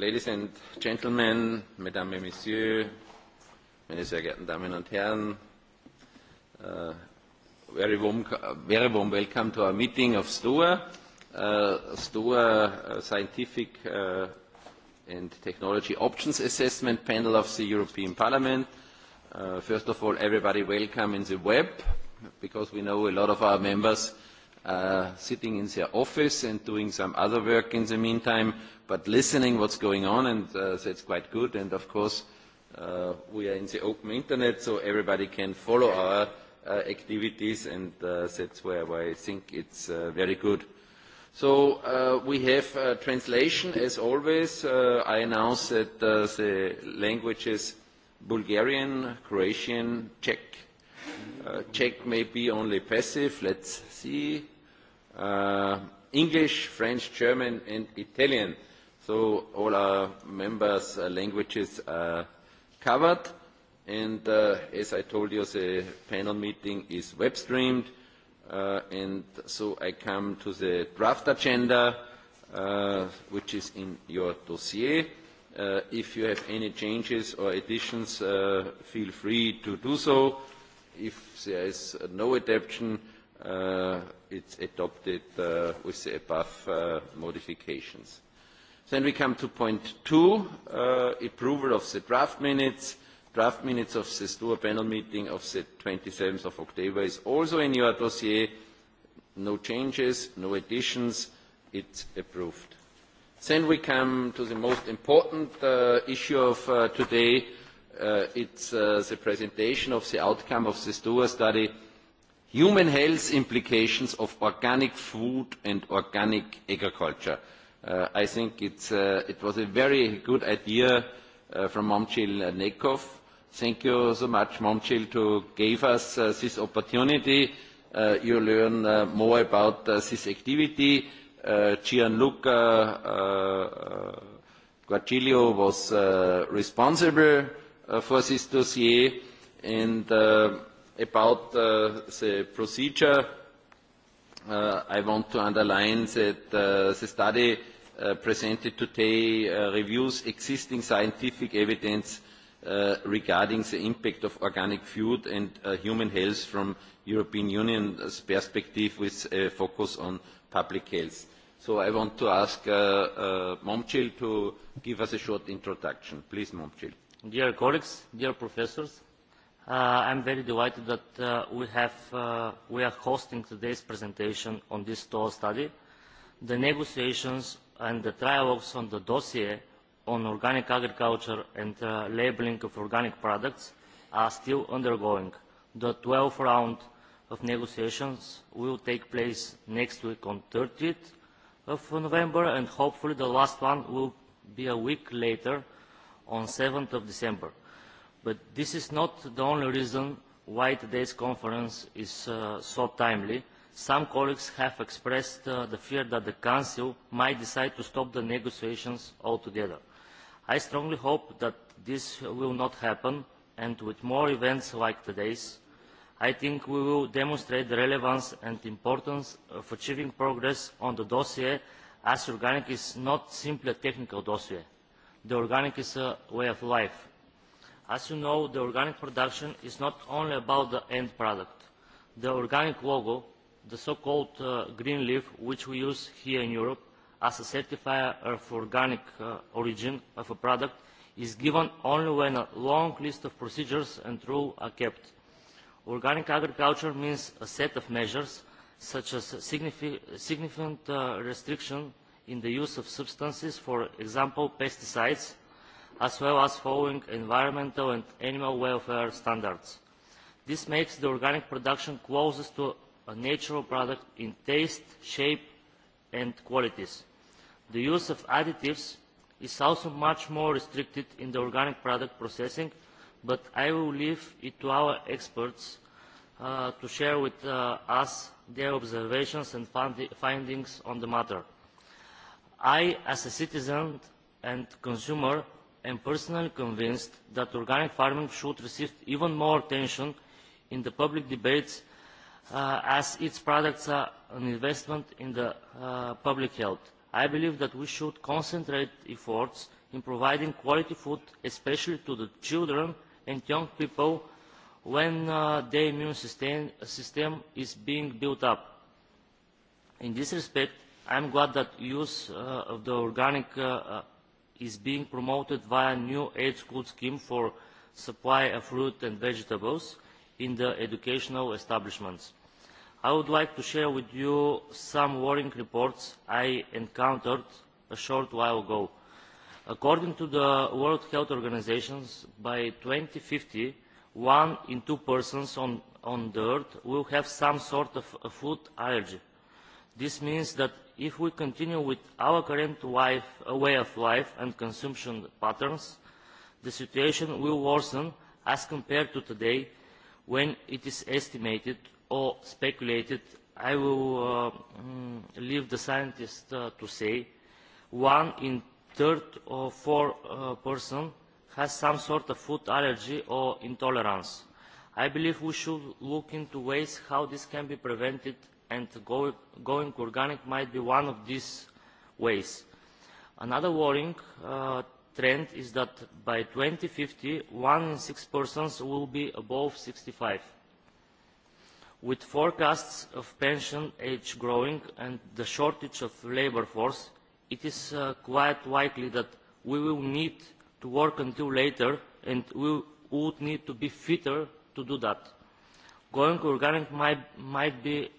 Ladies and Gentlemen, Mesdames et Messieurs, meine sehr geehrten Damen und Herren, very warm welcome to our meeting of STOA. STOA Scientific and Technology Options Assessment Panel of the European Parliament. First of all, everybody welcome in the web, because we know a lot of our members sitting in their office and doing some other work in the meantime, but listening what's going on, and that's quite good. And of course, we are in the open internet, so everybody can follow our activities, and that's where I think it's very good. So we have translation, as always. I announce that the languages Bulgarian, Croatian, Czech, Czech may be only passive. Let's see. English, French, German, and Italian. So all our members' languages are covered. And as I told you, the panel meeting is web streamed. And so I come to the draft agenda, which is in your dossier. If you have any changes or additions, feel free to do so If there is no adoption, it's adopted with the above modifications. Then we come to point two, approval of the draft minutes. Draft minutes of the STOA panel meeting of the 27th of October is also in your dossier. No changes, no additions. It's approved. Then we come to the most important issue of today It's the presentation of the outcome of the STOA study, human health implications of organic food and organic agriculture. I think it was a very good idea from Momchil Nekov. Thank you so much, Momchil, to give us this opportunity. You learn more about this activity. Gianluca Guacilio was responsible for this dossier and about the procedure I want to underline that the study presented today reviews existing scientific evidence regarding the impact of organic food and human health from European Union's perspective with a focus on public health. So I want to ask Momchil to give us a short introduction. Please, Momchil dear colleagues, dear professors, I am very delighted that we have we are hosting today's presentation on this TO study, the negotiations and the trialogues on the dossier on organic agriculture and labelling of organic products are still undergoing. The 12th round of negotiations will take place next week on 30th of November and hopefully the last one will be a week later on 7th of December. But this is not the only reason why today's conference is so timely. Some colleagues have expressed the fear that the Council might decide to stop the negotiations altogether. I strongly hope that this will not happen, and with more events like today's, I think we will demonstrate the relevance and importance of achieving progress on the dossier, as Organic is not simply a technical dossier. The organic is a way of life. As you know, the organic production is not only about the end product. The organic logo, the so-called green leaf, which we use here in Europe as a certifier of organic origin of a product, is given only when a long list of procedures and rules are kept. Organic agriculture means a set of measures, such as significant restriction in the use of substances, for example pesticides, as well as following environmental and animal welfare standards. This makes the organic production closest to a natural product in taste, shape and qualities. The use of additives is also much more restricted in the organic product processing, but I will leave it to our experts to share with us their observations and findings on the matter. I, as a citizen and consumer, am personally convinced that organic farming should receive even more attention in the public debates as its products are an investment in public health. I believe that we should concentrate efforts in providing quality food, especially to the children and young people when their immune system is being built up. In this respect, I am glad that use of the organic is being promoted via a new aid school scheme for supply of fruit and vegetables in the educational establishments. I would like to share with you some worrying reports I encountered a short while ago. According to the World Health Organization, by 2050, one in two persons on the earth will have some sort of food allergy. This means that if we continue with our current way of life and consumption patterns, the situation will worsen as compared to today when it is estimated or speculated, I will leave the scientists to say, one in third or four person has some sort of food allergy or intolerance. I believe we should look into ways how this can be prevented and going organic might be one of these ways. Another worrying trend is that by 2050, one in six persons will be above 65. With forecasts of pension age growing and the shortage of labour force, it is quite likely that we will need to work until later and we would need to be fitter to do that going organic might might be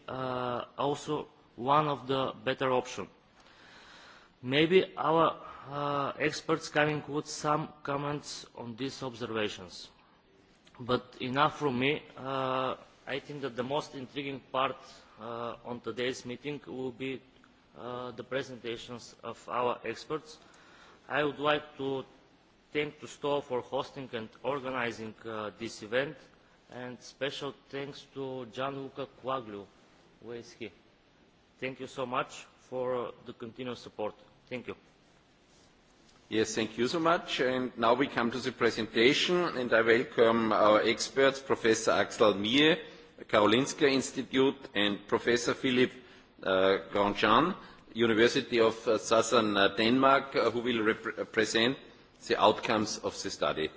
also one of the better options. Maybe our experts can include some comments on these observations. But enough from me. I think that the most intriguing part on today's meeting will be the presentations of our experts. I would like to thank to STOA for hosting and organizing this event and special thanks to Gianluca Quaglio, where is he? Thank you so much for the continuous support. Thank you. Yes, thank you so much. And now we come to the presentation, and I welcome our experts, Professor Axel Mie, Karolinska Institute, and Professor Philip Grandjean, University of Southern Denmark, who will present the outcomes of the study.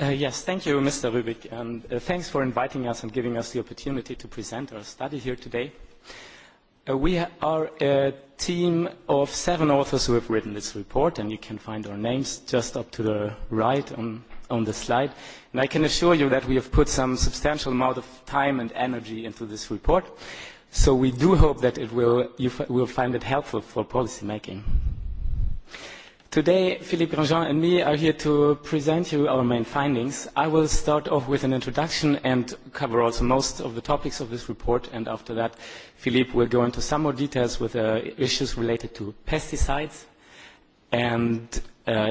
Yes, thank you, Mr. Rubik and thanks for inviting us and giving us the opportunity to present our study here today. We are a team of seven authors who have written this report, and you can find our names just up to the right on the slide. And I can assure you that we have put some substantial amount of time and energy into this report, so we do hope that it will you will find it helpful for policy making. Today, Philippe Grandjean and me are here to present you our main findings. I will start off with an introduction and cover also most of the topics of this report, and after that, Philippe will go into some more details with issues related to pesticides, and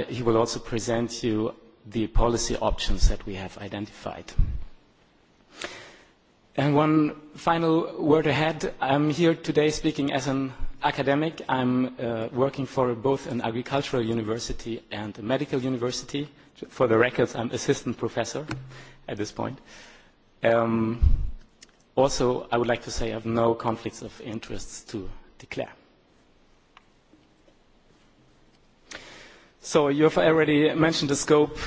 he will also present you the policy options that we have identified. And one final word ahead. I'm here today speaking as an academic. I'm working for both an agricultural university and a medical university. For the records, I'm assistant professor at this point. Also, I would like to say I have no conflicts of interests to declare. So you have already mentioned the scope.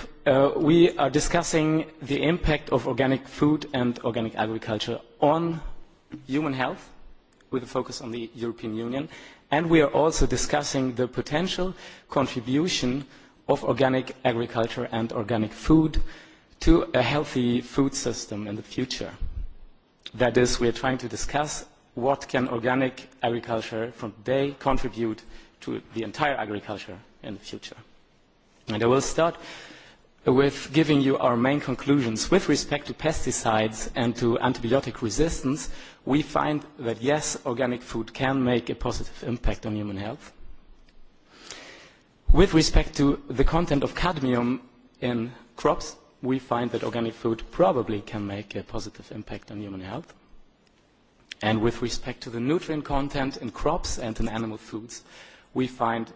We are discussing the impact of organic food and organic agriculture on human health with a focus on the European Union. And we are also discussing the potential contribution of organic agriculture and organic food to a healthy food system in the future. That is, we are trying to discuss what can organic agriculture from today contribute to the entire agriculture in the future. And I will start with giving you our main conclusions. With respect to pesticides and to antibiotic resistance, we find that yes, organic food can make a positive impact on human health. With respect to the content of cadmium in crops, we find that organic food probably can make a positive impact on human health. And with respect to the nutrient content in crops and in animal foods, we find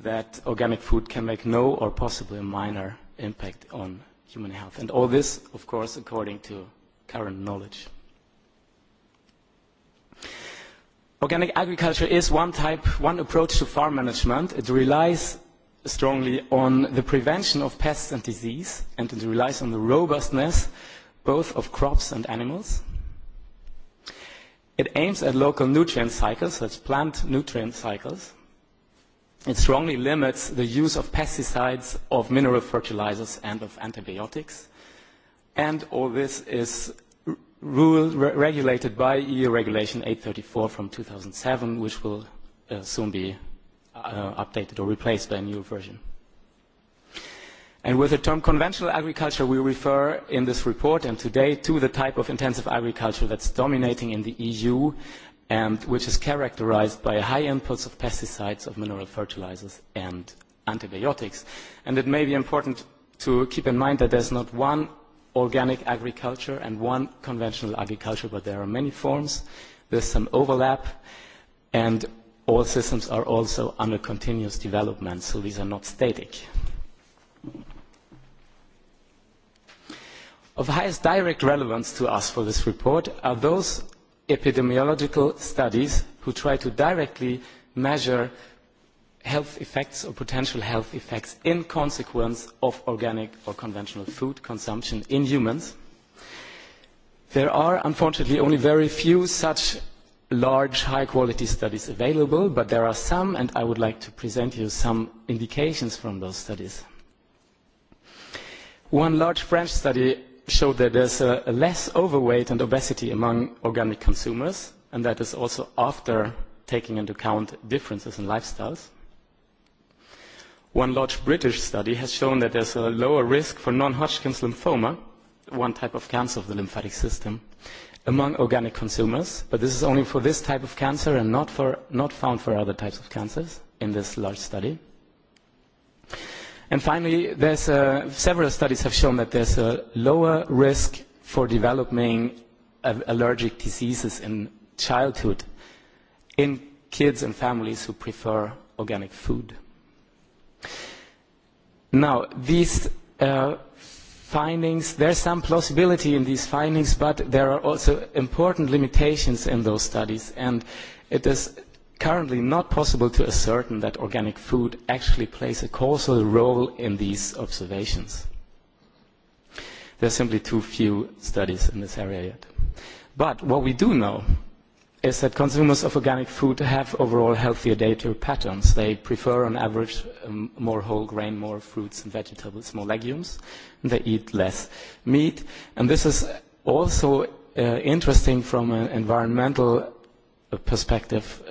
that organic food can make no or possibly minor impact on human health. And all this, of course, according to current knowledge. Organic agriculture is one type, one approach to farm management. It relies strongly on the prevention of pests and disease, and it relies on the robustness both of crops and animals. It aims at local nutrient cycles, as plant nutrient cycles. It strongly limits the use of pesticides, of mineral fertilizers, and of antibiotics. And all this is regulated by EU Regulation 834 from 2007, which will soon be updated or replaced by a new version. And with the term conventional agriculture, we refer in this report and today to the type of intensive agriculture that's dominating in the EU and which is characterized by a high inputs of pesticides, of mineral fertilizers, and antibiotics. And it may be important to keep in mind that there's not one organic agriculture and one conventional agriculture, but there are many forms. There's some overlap, and all systems are also under continuous development, so these are not static. Of highest direct relevance to us for this report are those epidemiological studies who try to directly measure health effects or potential health effects in consequence of organic or conventional food consumption in humans. There are unfortunately only very few such large high quality studies available, but there are some and I would like to present you some indications from those studies. One large French study showed that there's less overweight and obesity among organic consumers, and that is also after taking into account differences in lifestyles. One large British study has shown that there's a lower risk for non-Hodgkin's lymphoma, one type of cancer of the lymphatic system, among organic consumers, but this is only for this type of cancer and not found for other types of cancers in this large study. And finally, there's several studies have shown that there's a lower risk for developing allergic diseases in childhood in kids and families who prefer organic food. Now, these findings, there's some plausibility in these findings, but there are also important limitations in those studies, and it is currently not possible to ascertain that organic food actually plays a causal role in these observations. There are simply too few studies in this area yet. But what we do know is that consumers of organic food have overall healthier dietary patterns. They prefer, on average, more whole grain, more fruits and vegetables, more legumes, and they eat less meat. And this is also interesting from an environmental perspective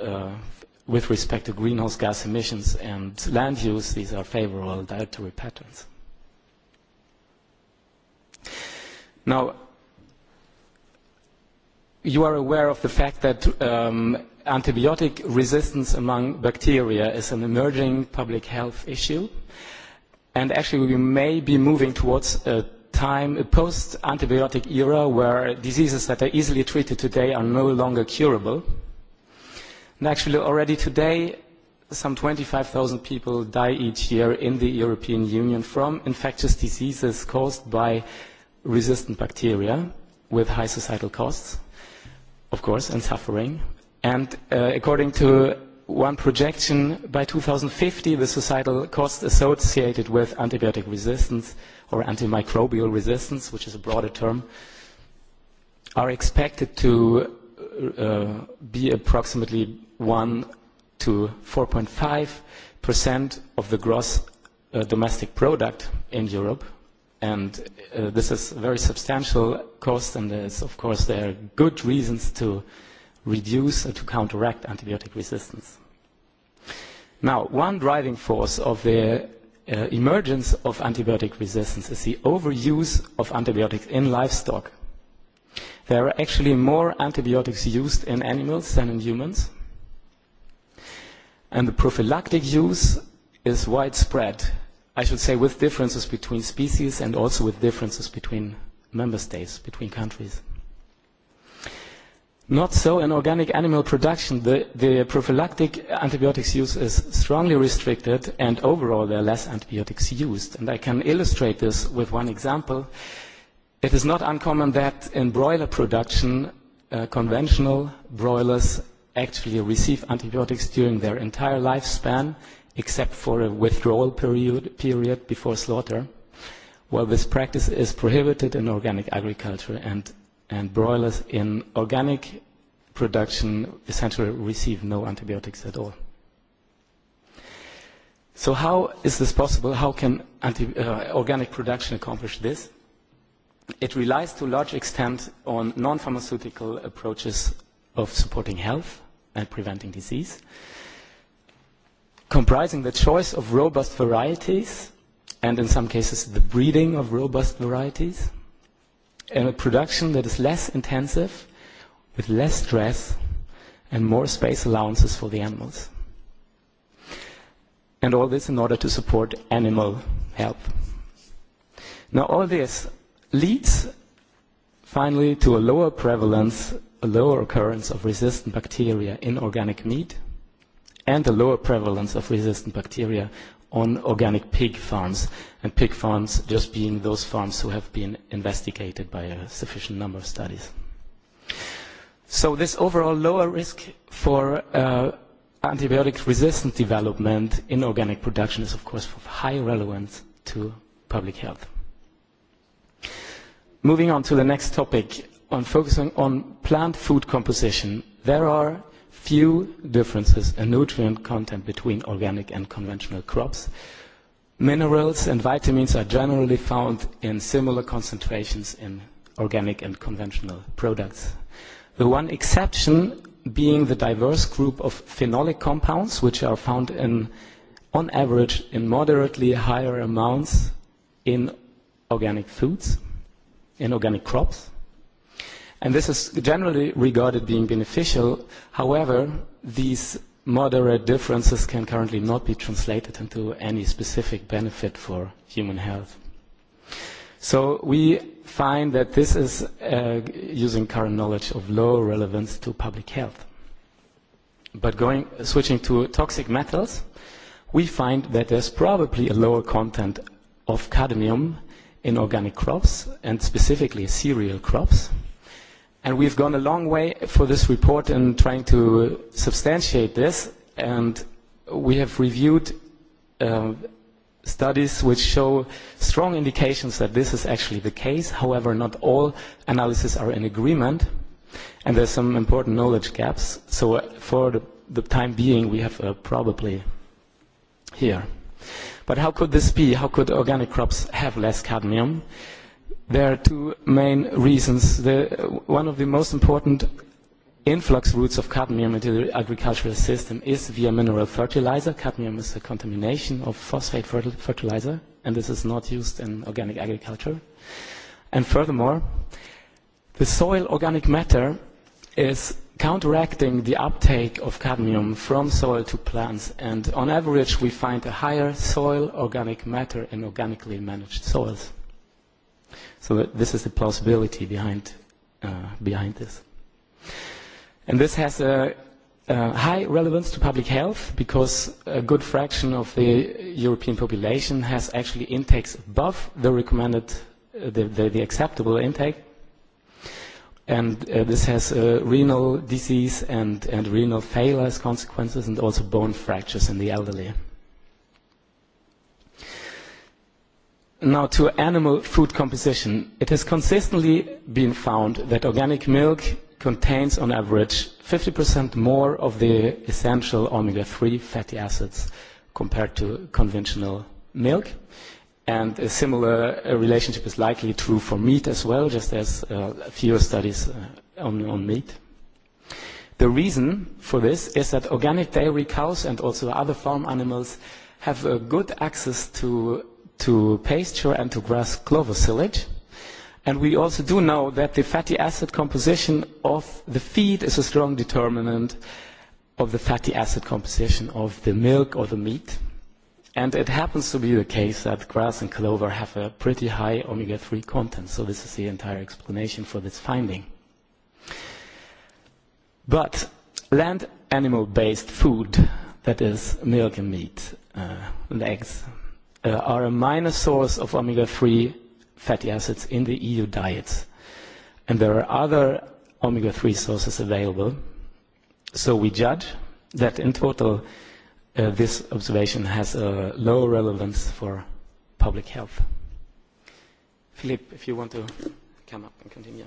with respect to greenhouse gas emissions and land use, these are favorable dietary patterns. Now, you are aware of the fact that antibiotic resistance among bacteria is an emerging public health issue, and actually we may be moving towards a time, a post-antibiotic era where diseases that are easily treated today are no longer curable actually already today some 25,000 people die each year in the European Union from infectious diseases caused by resistant bacteria with high societal costs, of course, and suffering. And according to one projection, by 2050 the societal costs associated with antibiotic resistance or antimicrobial resistance, which is a broader term, are expected to be approximately 1 to 4.5% of the gross domestic product in Europe. And this is a very substantial cost, and of course there are good reasons to reduce and to counteract antibiotic resistance. Now, one driving force of the emergence of antibiotic resistance is the overuse of antibiotics in livestock. There are actually more antibiotics used in animals than in humans. And the prophylactic use is widespread, I should say with differences between species and also with differences between member states, between countries. Not so in organic animal production. The prophylactic antibiotics use is strongly restricted and overall there are less antibiotics used. And I can illustrate this with one example. It is not uncommon that in broiler production, conventional broilers actually receive antibiotics during their entire lifespan, except for a withdrawal period period before slaughter, while this practice is prohibited in organic agriculture, and broilers in organic production essentially receive no antibiotics at all. So how is this possible? How can organic production accomplish this? It relies to a large extent on non-pharmaceutical approaches of supporting health and preventing disease, comprising the choice of robust varieties and in some cases the breeding of robust varieties, and a production that is less intensive, with less stress, and more space allowances for the animals. And all this in order to support animal health. Now all this leads finally to a lower prevalence, a lower occurrence of resistant bacteria in organic meat and a lower prevalence of resistant bacteria on organic pig farms, and pig farms just being those farms who have been investigated by a sufficient number of studies. So this overall lower risk for antibiotic-resistant development in organic production is, of course, of high relevance to public health. Moving on to the next topic, on focusing on plant food composition, there are few differences in nutrient content between organic and conventional crops. Minerals and vitamins are generally found in similar concentrations in organic and conventional products. The one exception being the diverse group of phenolic compounds, which are found on average, in moderately higher amounts in organic foods in organic crops. And this is generally regarded being beneficial. However, these moderate differences can currently not be translated into any specific benefit for human health. So we find that this is using current knowledge of low relevance to public health. But going switching to toxic metals, we find that there's probably a lower content of cadmium organic crops and specifically cereal crops. And we've gone a long way for this report in trying to substantiate this and we have reviewed studies which show strong indications that this is actually the case. However, not all analyses are in agreement and there's some important knowledge gaps. So for the time being, we have a probably here. But how could this be? How could organic crops have less cadmium? There are two main reasons. One of the most important influx routes of cadmium into the agricultural system is via mineral fertilizer. Cadmium is a contamination of phosphate fertilizer, and this is not used in organic agriculture. And furthermore, the soil organic matter is counteracting the uptake of cadmium from soil to plants and on average we find a higher soil organic matter in organically managed soils. So this is the plausibility behind behind this. And this has a high relevance to public health because a good fraction of the European population has actually intakes above the recommended the acceptable intake and this has renal disease and and renal failure as consequences and also bone fractures in the elderly now to animal food composition it has consistently been found that organic milk contains on average 50% more of the essential omega 3 fatty acids compared to conventional milk And a similar relationship is likely true for meat as well, just as a fewer studies on meat. The reason for this is that organic dairy cows and also other farm animals have a good access to to pasture and to grass clover silage. And we also do know that the fatty acid composition of the feed is a strong determinant of the fatty acid composition of the milk or the meat. And it happens to be the case that grass and clover have a pretty high omega-3 content, so this is the entire explanation for this finding. But land animal-based food, that is milk and meat and eggs, are a minor source of omega-3 fatty acids in the EU diets. And there are other omega-3 sources available. So we judge that in total this observation has a low relevance for public health. Philippe, if you want to come up and continue.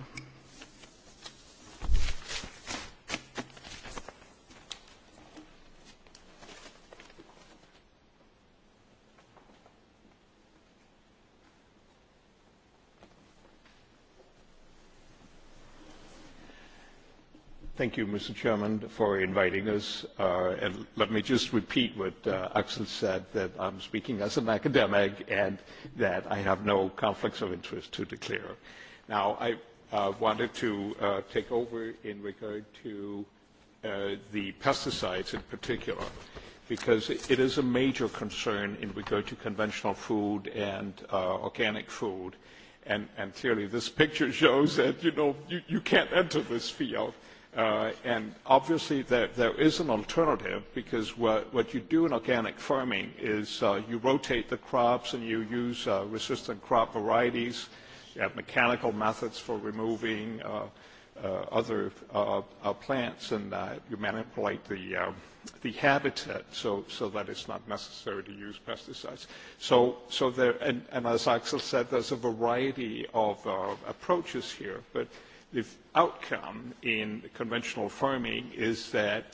Thank you, Mr. Chairman, for inviting us. And let me just repeat what Axel said, that I'm speaking as an academic and that I have no conflicts of interest to declare. Now, I wanted to take over in regard to the pesticides in particular, because it is a major concern in regard to conventional food and organic food. And clearly this picture shows that, you know, you can't enter this field And obviously there is an alternative because what you do in organic farming is you rotate the crops and you use resistant crop varieties. You have mechanical methods for removing other plants and you manipulate the the habitat so so that it's not necessary to use pesticides. So so and as Axel said, there's a variety of approaches here, but the outcome in conventional farming is that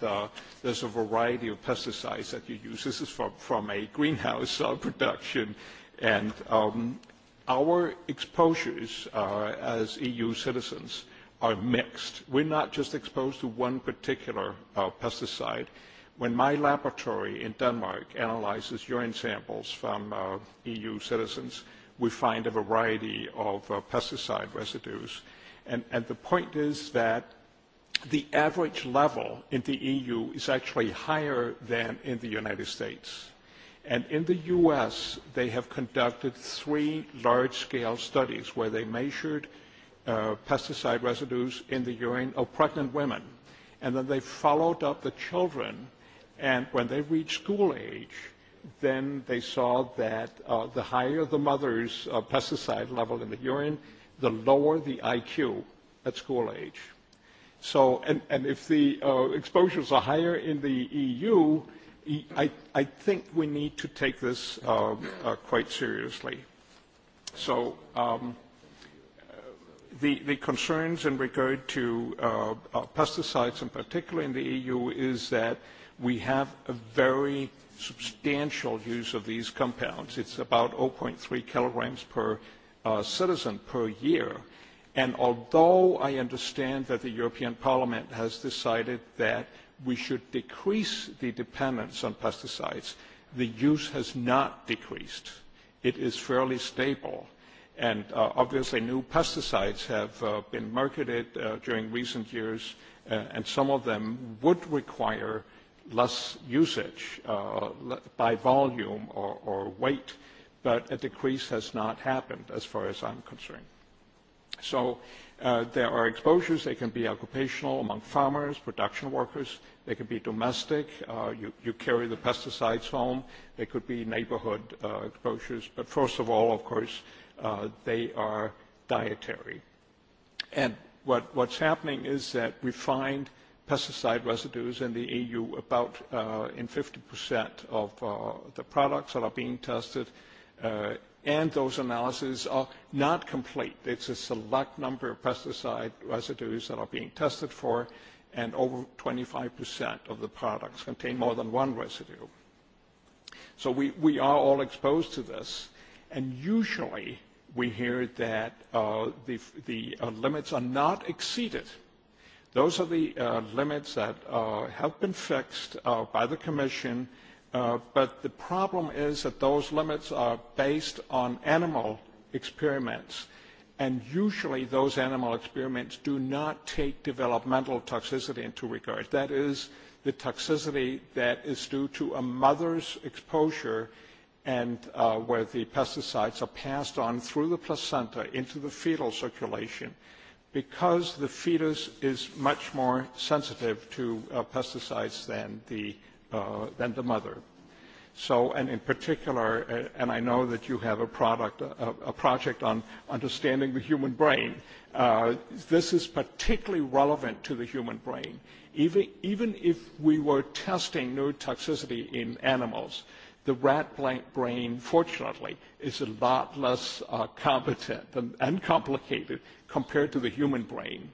there's a variety of pesticides that you use. This is from a greenhouse production. And our exposures as EU citizens are mixed. We're not just exposed to one particular pesticide. When my laboratory in Denmark analyzes urine samples from EU citizens, we find a variety of pesticide residues. And the point is that the average level in the EU is actually higher than in the United States. And in the U.S., they have conducted three large-scale studies where they measured pesticide residues in the urine of pregnant women. And then they followed up the children. And when they reached school age, then they saw that the higher the mother's pesticide level in the urine, the lower the IQ at school age. So, and, if the exposures are higher in the EU, I, think we need to take this quite seriously. So, the, the concerns in regard to pesticides in particular in the EU is that we have a very substantial use of these compounds. It's about 0.3 kilograms per citizen per year. And although I understand that the European Parliament has decided that we should decrease the dependence on pesticides, the use has not decreased. It is fairly stable. And obviously new pesticides have been marketed during recent years, and some of them would require less usage by volume or weight but a decrease has not happened as far as I'm concerned. So there are exposures. They can be occupational among farmers, production workers. They can be domestic. You carry the pesticides home. They could be neighborhood exposures. But first of all, of course, they are dietary. And what's happening is that we find pesticide residues in the EU about in 50% of the products that are being tested and those analyses are not complete. It's a select number of pesticide residues that are being tested for, and over 25% of the products contain more than one residue. So we, we are all exposed to this, and usually we hear that the, the limits are not exceeded. Those are the limits that uh, have been fixed by the Commission But the problem is that those limits are based on animal experiments, and usually those animal experiments do not take developmental toxicity into regard. That is the toxicity that is due to a mother's exposure and where the pesticides are passed on through the placenta into the fetal circulation because the fetus is much more sensitive to pesticides than the than the mother. So, and in particular, and I know that you have a product, a project on understanding the human brain. This is particularly relevant to the human brain. Even even if we were testing neurotoxicity in animals, the rat brain, fortunately, is a lot less competent and complicated compared to the human brain.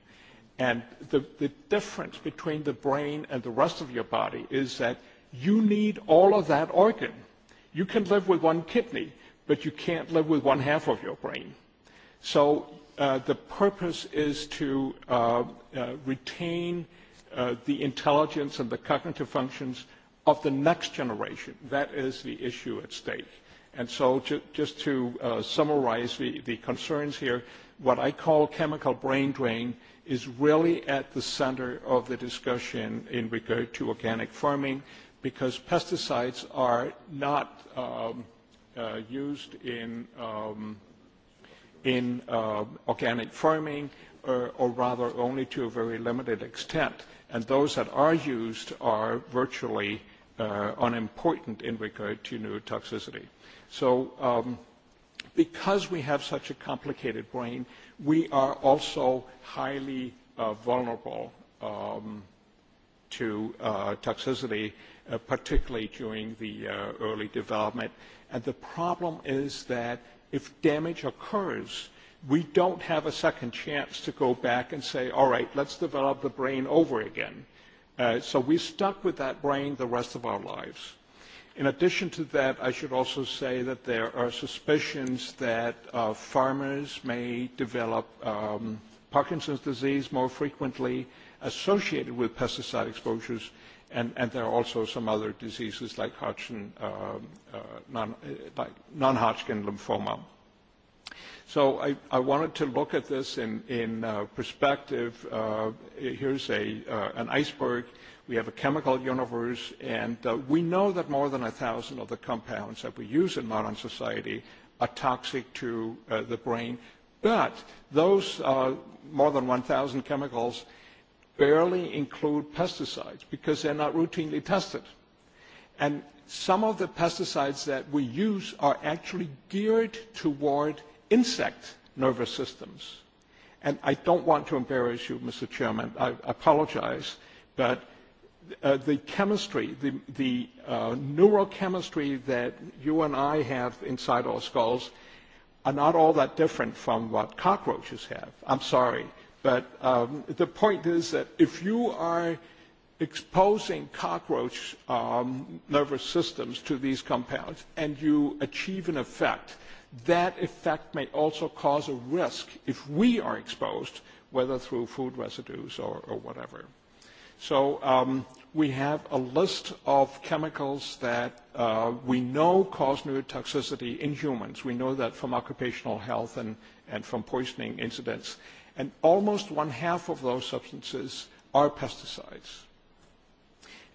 And the difference between the brain and the rest of your body is that you need all of that organ. You can live with one kidney, but you can't live with one half of your brain. So the purpose is to retain the intelligence and the cognitive functions of the next generation. That is the issue at stake. And so just to summarize the concerns here, what I call chemical brain drain is really at the center of the discussion in regard to organic farming because pesticides are not used in organic farming or rather only to a very limited extent and those that are used are virtually unimportant in regard to neurotoxicity. So because we have such a complicated brain we are also highly vulnerable to toxicity, particularly during the early development. And the problem is that if damage occurs, we don't have a second chance to go back and say, all right, let's develop the brain over again. So we're stuck with that brain the rest of our lives. In addition to that, I should also say that there are suspicions that farmers may develop Parkinson's disease more frequently associated with pesticide exposures, and there are also some other diseases like non-Hodgkin lymphoma. So I, I wanted to look at this in, in uh, perspective. Uh, here's a, uh, an iceberg. We have a chemical universe, and uh, we know that more than a thousand of the compounds that we use in modern society are toxic to uh, the brain. But those uh, more than 1,000 chemicals barely include pesticides because they're not routinely tested. And some of the pesticides that we use are actually geared toward insect nervous systems. And I don't want to embarrass you, Mr. Chairman. I apologize. But the chemistry, the neurochemistry that you and I have inside our skulls are not all that different from what cockroaches have. I'm sorry. But the point is that if you are exposing cockroach nervous systems to these compounds and you achieve an effect That effect may also cause a risk if we are exposed, whether through food residues or whatever. So we have a list of chemicals that we know cause neurotoxicity in humans. We know that from occupational health and from poisoning incidents. And almost one half of those substances are pesticides.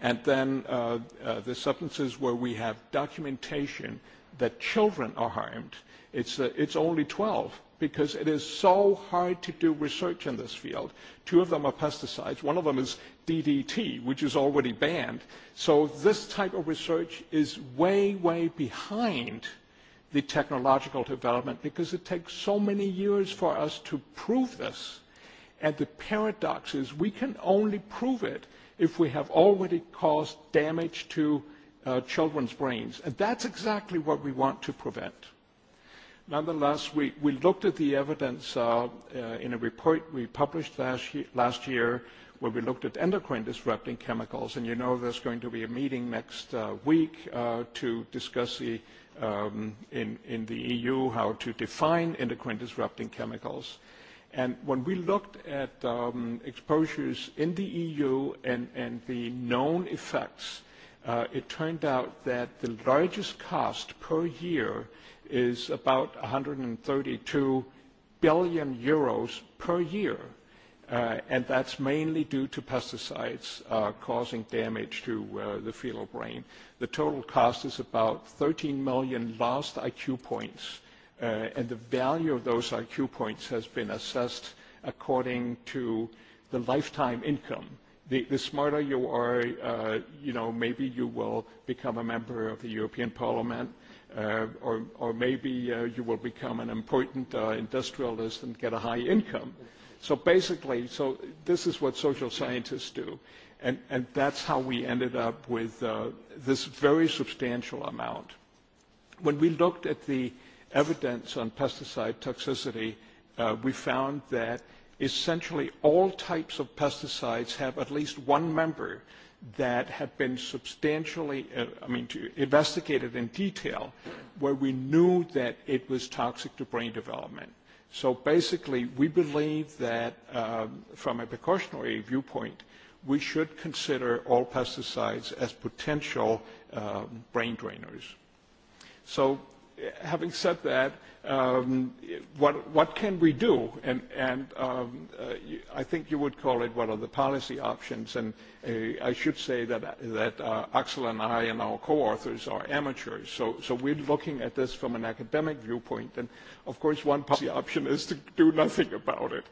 And then the substances where we have documentation that children are harmed, it's, it's only 12 because it is so hard to do research in this field. Two of them are pesticides. One of them is DDT, which is already banned. So this type of research is way, way behind the technological development because it takes so many years for us to prove this. And the paradox is we can only prove it if we have already caused damage to children's brains. And that's exactly what we want to prevent. Nonetheless, we looked at the evidence in a report we published last year where we looked at endocrine disrupting chemicals. And you know there's going to be a meeting next week to discuss in the EU how to define endocrine disrupting chemicals. And when we looked at exposures in the EU and the known effects, it turned out that the largest cost per year is about 132 billion euros per year, and that's mainly due to pesticides causing damage to the fetal brain. The total cost is about 13 million lost IQ points, and the value of those IQ points has been assessed according to the lifetime income the, the smarter you are, you know, maybe you will become a member of the European Parliament, or, or maybe you will become an important industrialist and get a high income. So basically, so this is what social scientists do. And, and that's how we ended up with this very substantial amount. When we looked at the evidence on pesticide toxicity, we found that essentially all types of pesticides have at least one member that have been substantially, I mean, investigated in detail where we knew that it was toxic to brain development. So basically, we believe that from a precautionary viewpoint, we should consider all pesticides as potential brain drainers. So having said that, what can we do? And I think you would call it what are the policy options. And I should say that Axel and I and our co-authors are amateurs. So we're looking at this from an academic viewpoint. And, of course, one policy option is to do nothing about it.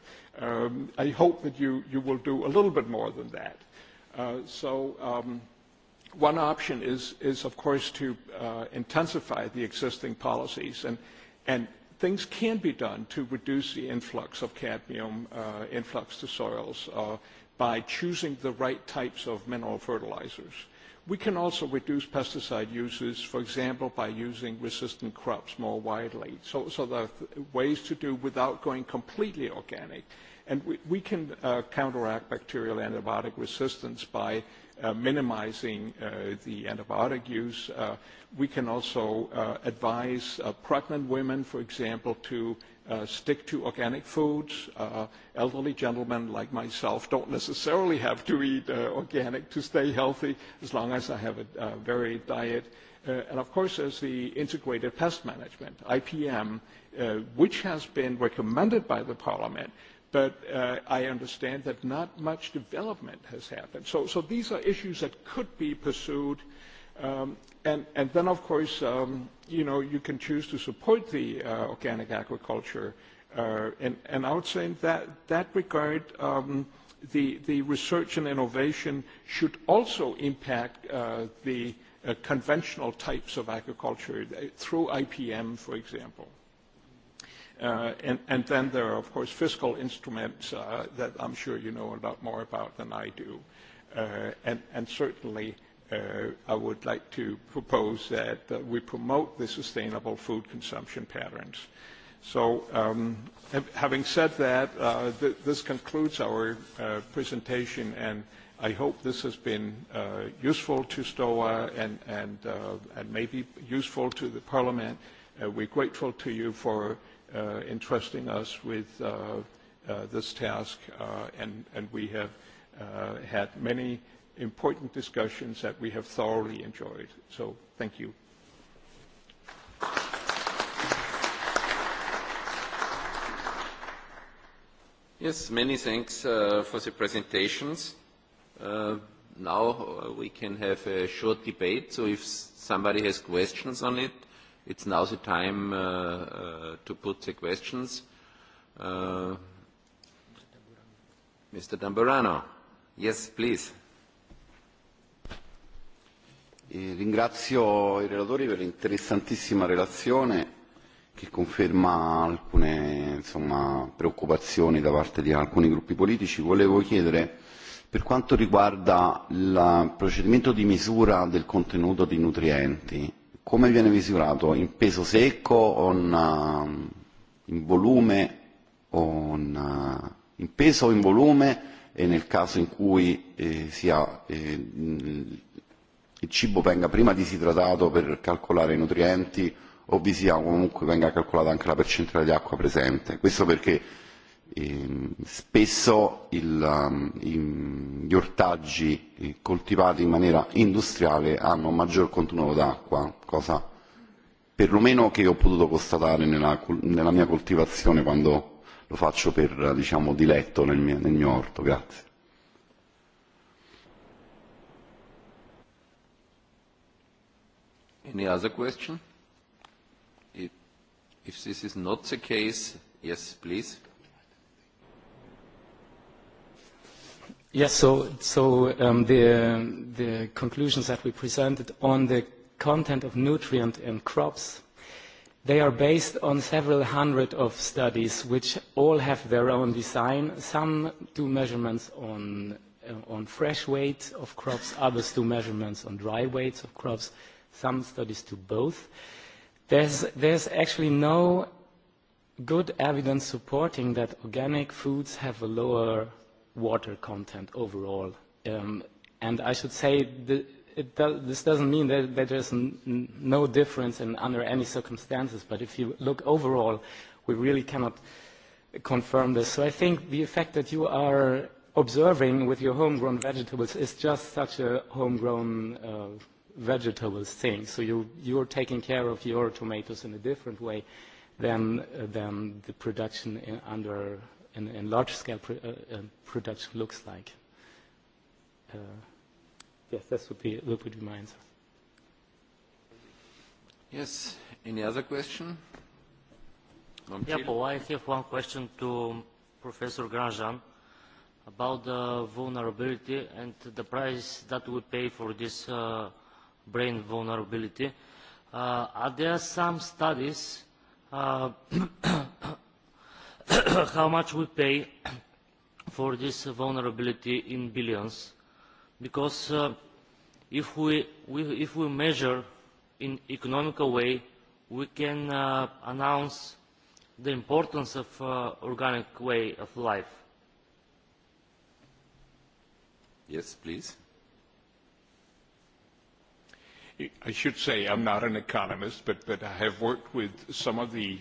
I hope that you will do a little bit more than that. So One option is, of course, to intensify the existing policies, and things can be done to reduce the influx of cadmium, influx to soils, by choosing the right types of mineral fertilizers. We can also reduce pesticide uses, for example, by using resistant crops more widely. So there are ways to do without going completely organic. And we can counteract bacterial antibiotic resistance by minimizing the antibiotic use. We can also advise pregnant women, for example, to stick to organic foods. Elderly gentlemen like myself don't necessarily have to eat organic to stay healthy as long as I have a varied diet. And of course, there's the integrated pest management, IPM, which has been recommended by the Parliament but I understand that not much development has happened. So, so these are issues that could be pursued. and, and then, of course, you know, you can choose to support the organic agriculture. and, and I would say in that, that regard, the, the research and innovation should also impact the conventional types of agriculture through IPM, for example. And then there are, of course, fiscal instruments that I'm sure you know a lot more about than I do. And certainly, I would like to propose that we promote the sustainable food consumption patterns. So having said that, this concludes our presentation, and I hope this has been useful to STOA and maybe useful to the Parliament. We're grateful to you for entrusting us with this task, and we have had many important discussions that we have thoroughly enjoyed. So thank you. Yes, many thanks for the presentations. Now we can have a short debate, so if somebody has questions on it, It's now the time to put the questions. Mr. Tamburano, yes, please. Ringrazio i relatori per l'interessantissima relazione che conferma alcune insomma, preoccupazioni da parte di alcuni gruppi politici. Volevo chiedere, per quanto riguarda il procedimento di misura del contenuto di nutrienti, come viene misurato? In peso secco o in volume? O in peso o in volume e nel caso in cui sia il cibo venga prima disidratato per calcolare i nutrienti o vi sia comunque venga calcolata anche la percentuale di acqua presente. Questo perché spesso gli ortaggi coltivati in maniera industriale hanno maggior contenuto d'acqua, cosa perlomeno che ho potuto constatare nella mia coltivazione quando lo faccio per diciamo diletto nel mio orto. Grazie. Any other question? If this is not the case, yes, please. Yes, so the conclusions that we presented on the content of nutrient in crops, they are based on several hundred of studies which all have their own design. Some do measurements on fresh weight of crops, others do measurements on dry weights of crops, some studies do both. There's actually no good evidence supporting that organic foods have a lower water content overall. And I should say this doesn't mean that there is no difference under any circumstances, but if you look overall, we really cannot confirm this. So I think the effect that you are observing with your homegrown vegetables is just such a homegrown vegetables thing. So you are taking care of your tomatoes in a different way than the production under in large-scale production looks like. Yes, that would be my answer. Yes. Any other question? I have one question to Professor Granjan about the vulnerability and the price that we pay for this brain vulnerability. Are there some studies how much we pay for this vulnerability in billions because if we if we measure in economical way we can announce the importance of organic way of life yes please I should say I'm not an economist, but I have worked with some of the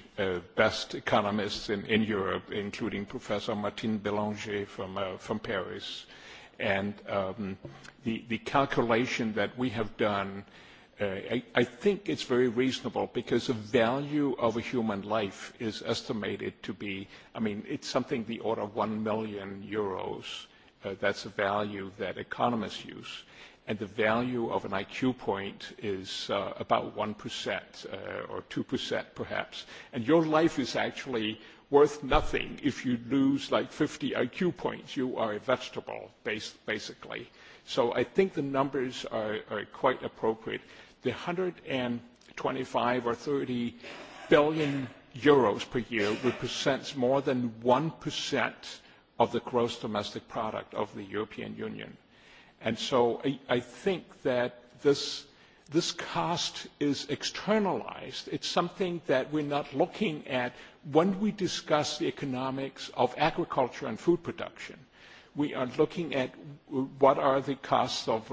best economists in Europe, including Professor Martin Belanger from Paris. And the calculation that we have done, I think it's very reasonable because the value of a human life is estimated to be, I mean, it's something the order of 1 million euros That's a value that economists use. And the value of an IQ point is about 1% or 2% perhaps. And your life is actually worth nothing if you lose like 50 IQ points. You are a vegetable, basically. So I think the numbers are quite appropriate. The 125 or 30 billion euros per year represents more than 1% of the gross domestic product of the European Union. And so I think that this cost is externalized. It's something that we're not looking at when we discuss the economics of agriculture and food production. We are looking at what are the costs of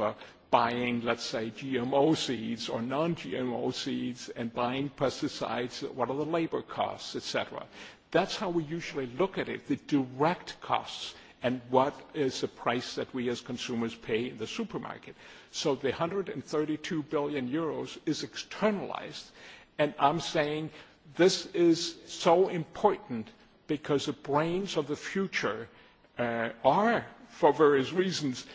buying, let's say, GMO seeds or non-GMO seeds and buying pesticides, what are the labor costs, etc. That's how we usually look at it, the direct costs and what is the price that we as consumers pay in the supermarket. So the 132 billion euros is externalized, and I'm saying this is so important because the brains of the future are, for various reasons,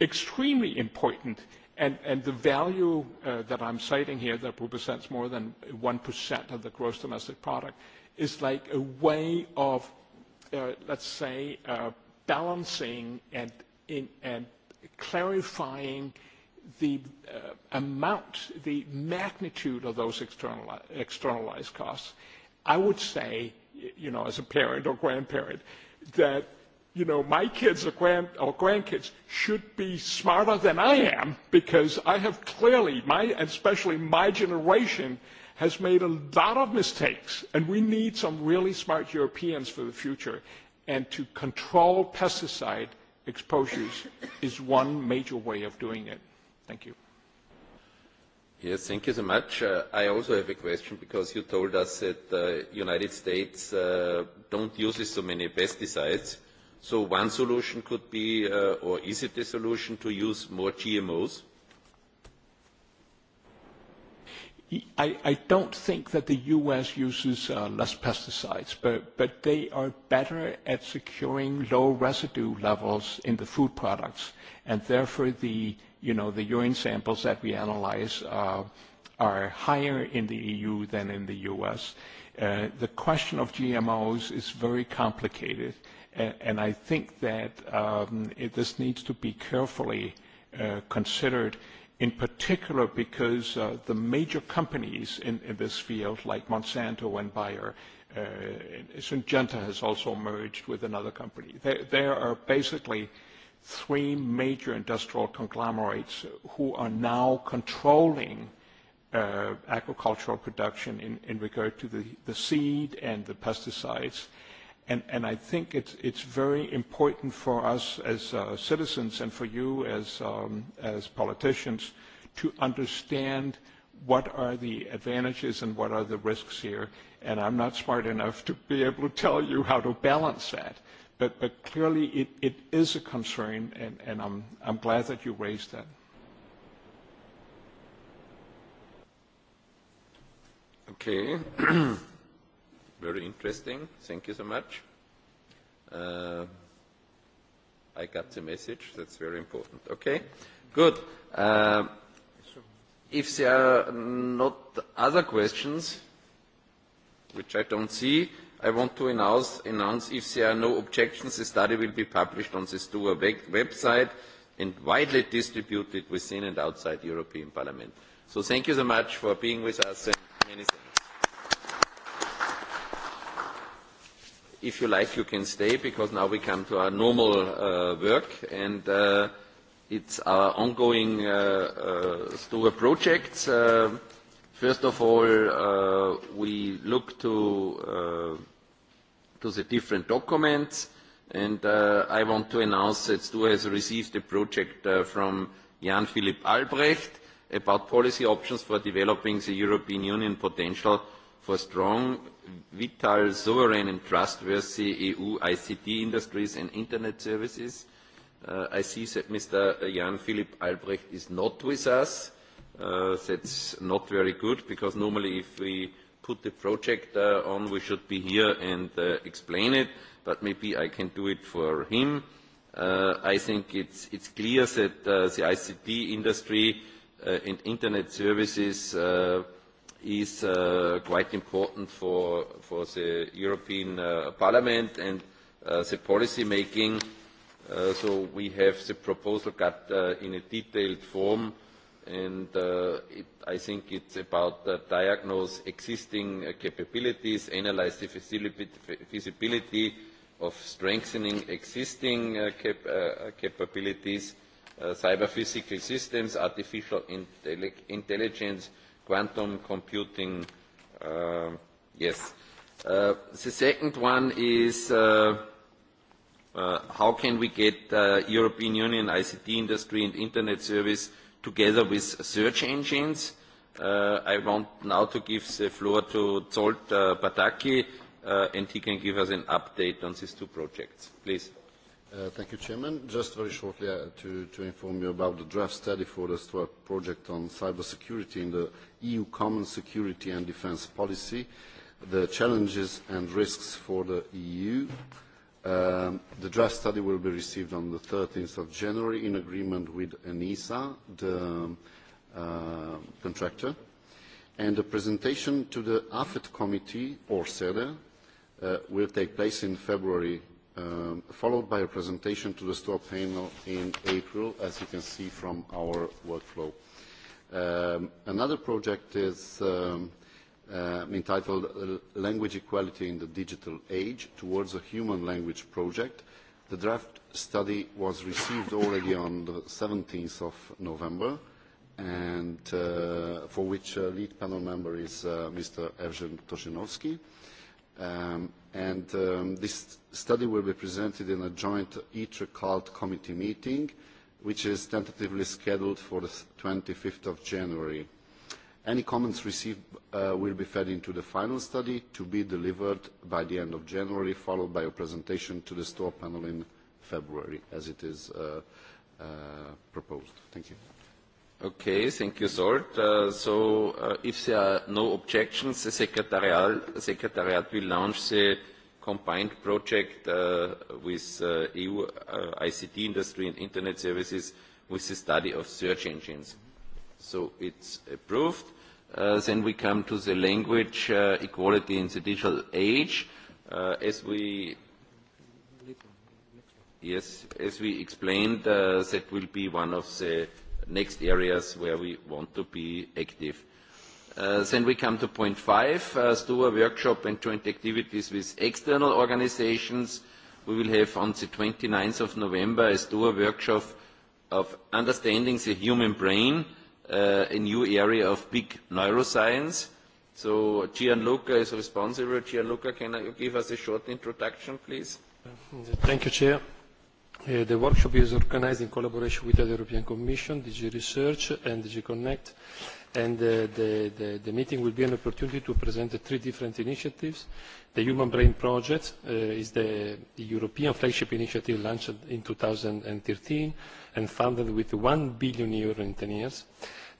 extremely important, and the value that I'm citing here that represents more than 1% of the gross domestic product is like a way of, let's say, balancing and and clarifying the amount, the magnitude of those externalized costs. I would say, you know, as a parent or grandparent, that, you know, my kids or grandkids should be smarter than I am because I have clearly, my especially my generation, has made a lot of mistakes, and we need some really smart Europeans for the future. And to control pesticide exposures is one major way of doing it. Thank you. Yes, thank you so much. I also have a question because you told us that the United States don't use so many pesticides. So one solution could be, or is it a solution, to use more GMOs? I don't think that the U.S. uses less pesticides, but they are better at securing low residue levels in the food products, and therefore the, urine samples that we analyze are higher in the EU than in the U.S. The question of GMOs is very complicated, and I think that this needs to be carefully considered in particular because the major companies in this field, like Monsanto and Bayer, Syngenta has also merged with another company. There are basically three major industrial conglomerates who are now controlling agricultural production in regard to the seed and the pesticides And I think it's very important for us as citizens and for you as politicians to understand what are the advantages and what are the risks here. And I'm not smart enough to be able to tell you how to balance that. But clearly it is a concern, and I'm glad that you raised that. Okay. Very interesting. Thank you so much. I got the message. That's very important. Okay. Good. If there are not other questions, which I don't see, I want to announce if there are no objections, the study will be published on the web website and widely distributed within and outside the European Parliament. So thank you so much for being with us. and if you like, you can stay because now we come to our normal work and it's our ongoing store projects. First of all, we look to the different documents and I want to announce that Stu has received a project from Jan Philipp Albrecht about policy options for developing the European Union potential for strong vital, sovereign and trustworthy EU ICT industries and Internet services. I see that Mr. Jan Philipp Albrecht is not with us. That's not very good because normally if we put the project on, we should be here and explain it, but maybe I can do it for him. I think it's clear that the ICT industry and Internet services is quite important for the European Parliament and the policy making. So we have the proposal cut in a detailed form and I think it's about diagnose existing capabilities, analyze the feasibility of strengthening existing capabilities, cyber physical systems, artificial intelligence quantum computing. Yes. The second one is how can we get European Union ICT industry and Internet service together with search engines. I want now to give the floor to Zolt Pataki, and he can give us an update on these two projects. Please. Thank you, Chairman. Just very shortly to inform you about the draft study for the project on cybersecurity in the EU Common Security and Defence Policy, the challenges and risks for the EU. The draft study will be received on the 13th of January in agreement with ENISA, the contractor, and a presentation to the AFET committee, or SEDE, will take place in February followed by a presentation to the store panel in April, as you can see from our workflow. Another project is entitled Language Equality in the Digital Age towards a Human Language Project. The draft study was received already on the 17th of November, and for which lead panel member is Mr. Evgen Toshinovsky. And this study will be presented in a joint ITRE-CALT committee meeting, which is tentatively scheduled for the 25th of January. Any comments received will be fed into the final study to be delivered by the end of January, followed by a presentation to the store panel in February, as it is proposed. Thank you. Okay, thank you, Zolt. So if there are no objections, the Secretariat will launch the combined project with EU ICT industry and Internet services with the study of search engines. So it's approved. Then we come to the language equality in the digital age. As we yes, as we explained, that will be one of the next areas where we want to be active. Then we come to point five, STOA workshop and joint activities with external organizations. We will have on the 29th of November a STOA workshop of understanding the human brain, a new area of big neuroscience. So Gianluca is responsible. Gianluca, can you give us a short introduction, please? Thank you, Chair. The workshop is organized in collaboration with the European Commission, DG Research and DG Connect, and the meeting will be an opportunity to present three different initiatives. The Human Brain Project is the European flagship initiative launched in 2013 and funded with 1 billion euro in 10 years.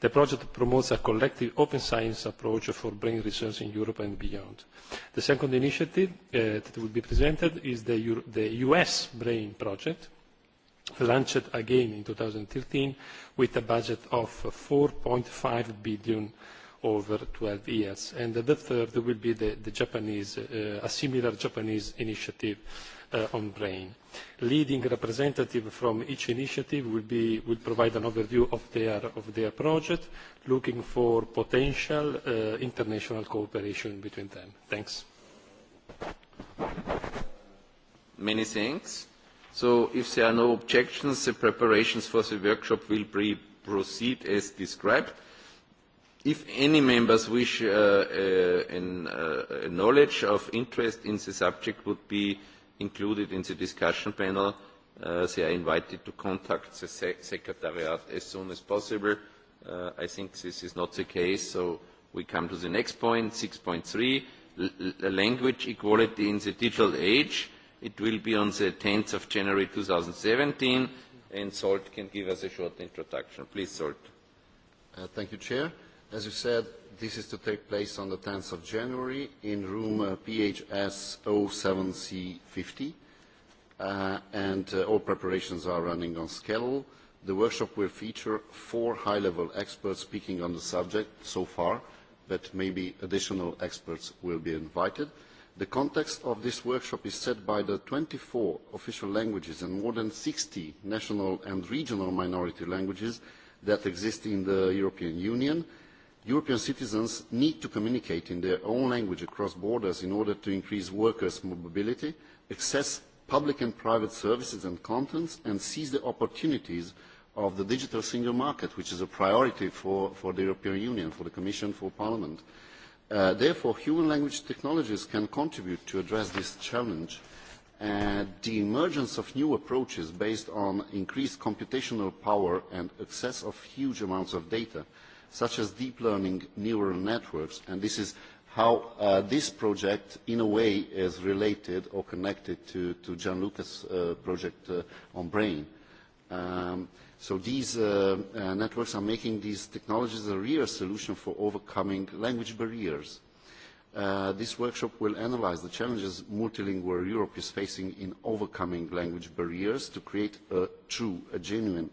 The project promotes a collective open science approach for brain research in Europe and beyond. The second initiative that will be presented is the US Brain Project launched again in 2013 with a budget of 4.5 billion over 12 years. And the third will be the Japanese, a similar Japanese initiative on brain. Leading representative from each initiative will provide an overview of their project, looking for potential international cooperation between them. Thanks. Many thanks. So if there are no objections, the preparations for the workshop will proceed as described. If any members wish a knowledge of interest in the subject would be included in the discussion panel, they are invited to contact the Secretariat as soon as possible. I think this is not the case, so we come to the next point, 6.3, language equality in the digital age. It will be on the 10th of January 2017, and Salt can give us a short introduction. Please, Salt. Thank you, Chair. As you said, this is to take place on the 10th of January in room PHS 07C50, and all preparations are running on schedule. The workshop will feature four high-level experts speaking on the subject so far, but maybe additional experts will be invited. The context of this workshop is set by the 24 official languages and more than 60 national and regional minority languages that exist in the European Union. European citizens need to communicate in their own language across borders in order to increase workers' mobility, access public and private services and contents, and seize the opportunities of the digital single market, which is a priority for the European Union, for the Commission, for Parliament. Therefore, human language technologies can contribute to address this challenge. and The emergence of new approaches based on increased computational power and access of huge amounts of data, such as deep learning neural networks, and this is how this project, in a way, is related or connected to Gianluca's project on brain. So these networks are making these technologies a real solution for overcoming language barriers. This workshop will analyze the challenges multilingual Europe is facing in overcoming language barriers to create a true, a genuine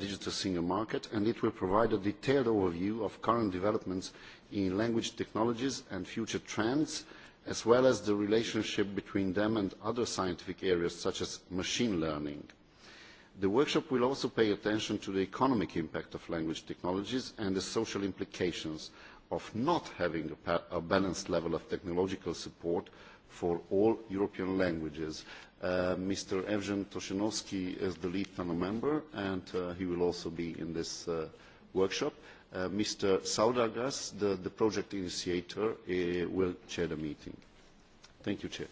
digital single market, and it will provide a detailed overview of current developments in language technologies and future trends, as well as the relationship between them and other scientific areas such as machine learning. The workshop will also pay attention to the economic impact of language technologies and the social implications of not having a balanced level of technological support for all European languages. Mr. Evgen Toshinovsky is the lead panel member, and he will also be in this workshop. Mr. Saudargas, the project initiator, will chair the meeting. Thank you, Chair.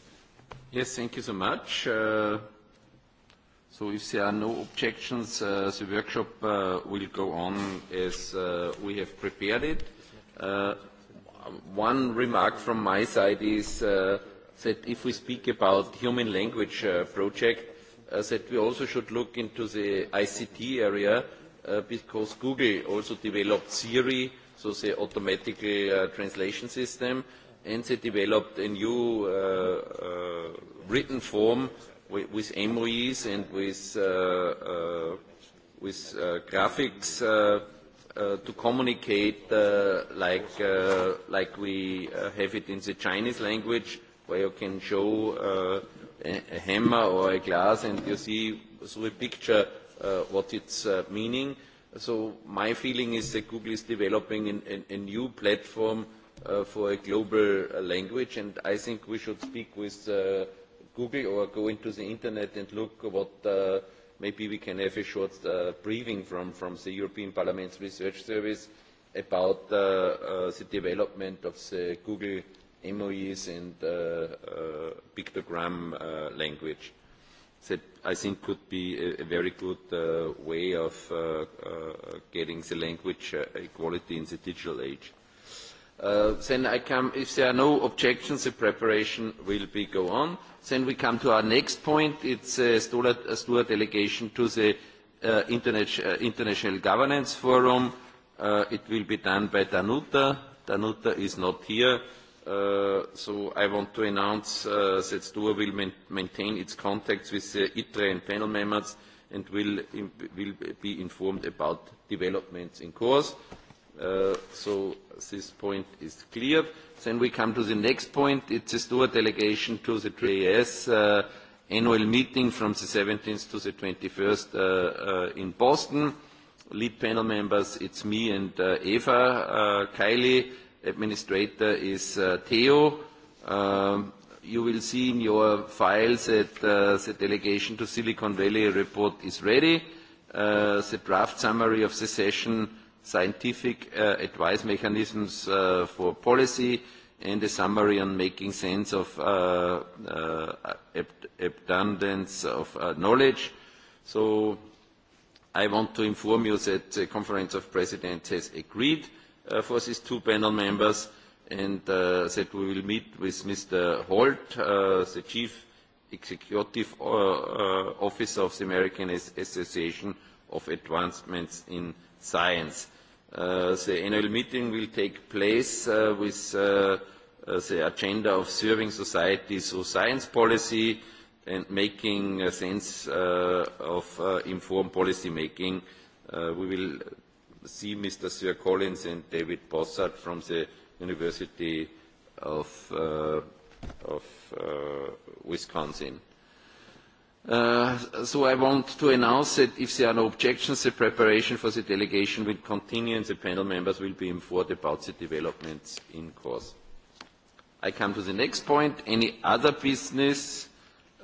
Yes, thank you so much. So if there are no objections, the workshop will go on as we have prepared it. One remark from my side is that if we speak about human language project, that we also should look into the ICT area because Google also developed Siri, so the automatic translation system, and they developed a new written form with MOEs and with graphics to communicate like we have it in the Chinese language, where you can show a hammer or a glass and you see through a picture what its meaning. So my feeling is that Google is developing a new platform for a global language, and I think we should speak with Google or go into the Internet and look what maybe we can have a short briefing from from the European Parliament's Research Service about the development of the Google MOEs and pictogram language. That I think could be a very good way of getting the language equality in the digital age. Then if there are no objections, the preparation will be go on. Then we come to our next point. It's a Stuart delegation to the International Governance Forum. It will be done by Danuta. Danuta is not here, so I want to announce that Stuart will maintain its contacts with the ITRE and panel members and will be informed about developments in course. So this point is clear. Then we come to the next point. It's a Stuart delegation to the TAS annual meeting from the 17th to the 21st in Boston. Lead panel members, it's me and Eva. Kylie, administrator, is Theo. You will see in your files that the delegation to Silicon Valley report is ready. The draft summary of the session scientific advice mechanisms for policy, and a summary on making sense of abundance of knowledge. So I want to inform you that the Conference of Presidents has agreed for these two panel members and that we will meet with Mr. Holt, the Chief Executive Officer of the American Association of Advancements in science. The annual meeting will take place with the agenda of serving society through science policy and making sense of informed policy making. We will see Mr. Sir Collins and David Bossard from the University of Wisconsin. So I want to announce that if there are no objections, the preparation for the delegation will continue and the panel members will be informed about the developments in course. I come to the next point. Any other business?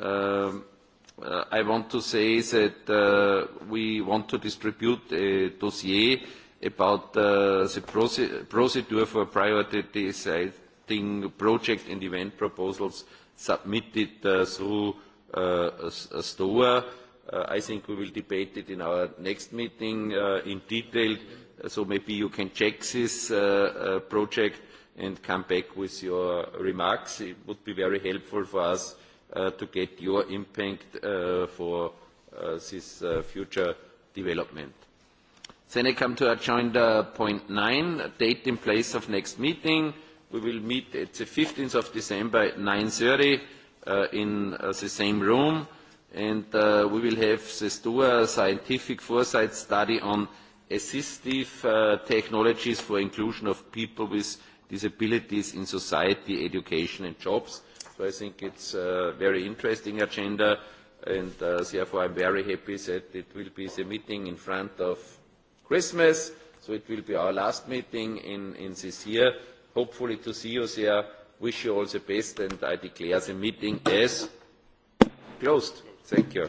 I want to say that we want to distribute a dossier about the procedure for priority deciding project and event proposals submitted through store. I think we will debate it in our next meeting in detail, so maybe you can check this project and come back with your remarks. It would be very helpful for us to get your impact for this future development. Then I come to agenda point nine, date in place of next meeting. We will meet at the 15th of December at 9.30 in the same room, and we will have the stua scientific foresight study on assistive technologies for inclusion of people with disabilities in society, education and jobs. So I think it's a very interesting agenda, and therefore I'm very happy that it will be the meeting in front of Christmas, so it will be our last meeting in this year. Hopefully to see you there wish you all the best and I declare the meeting as closed. Thank you.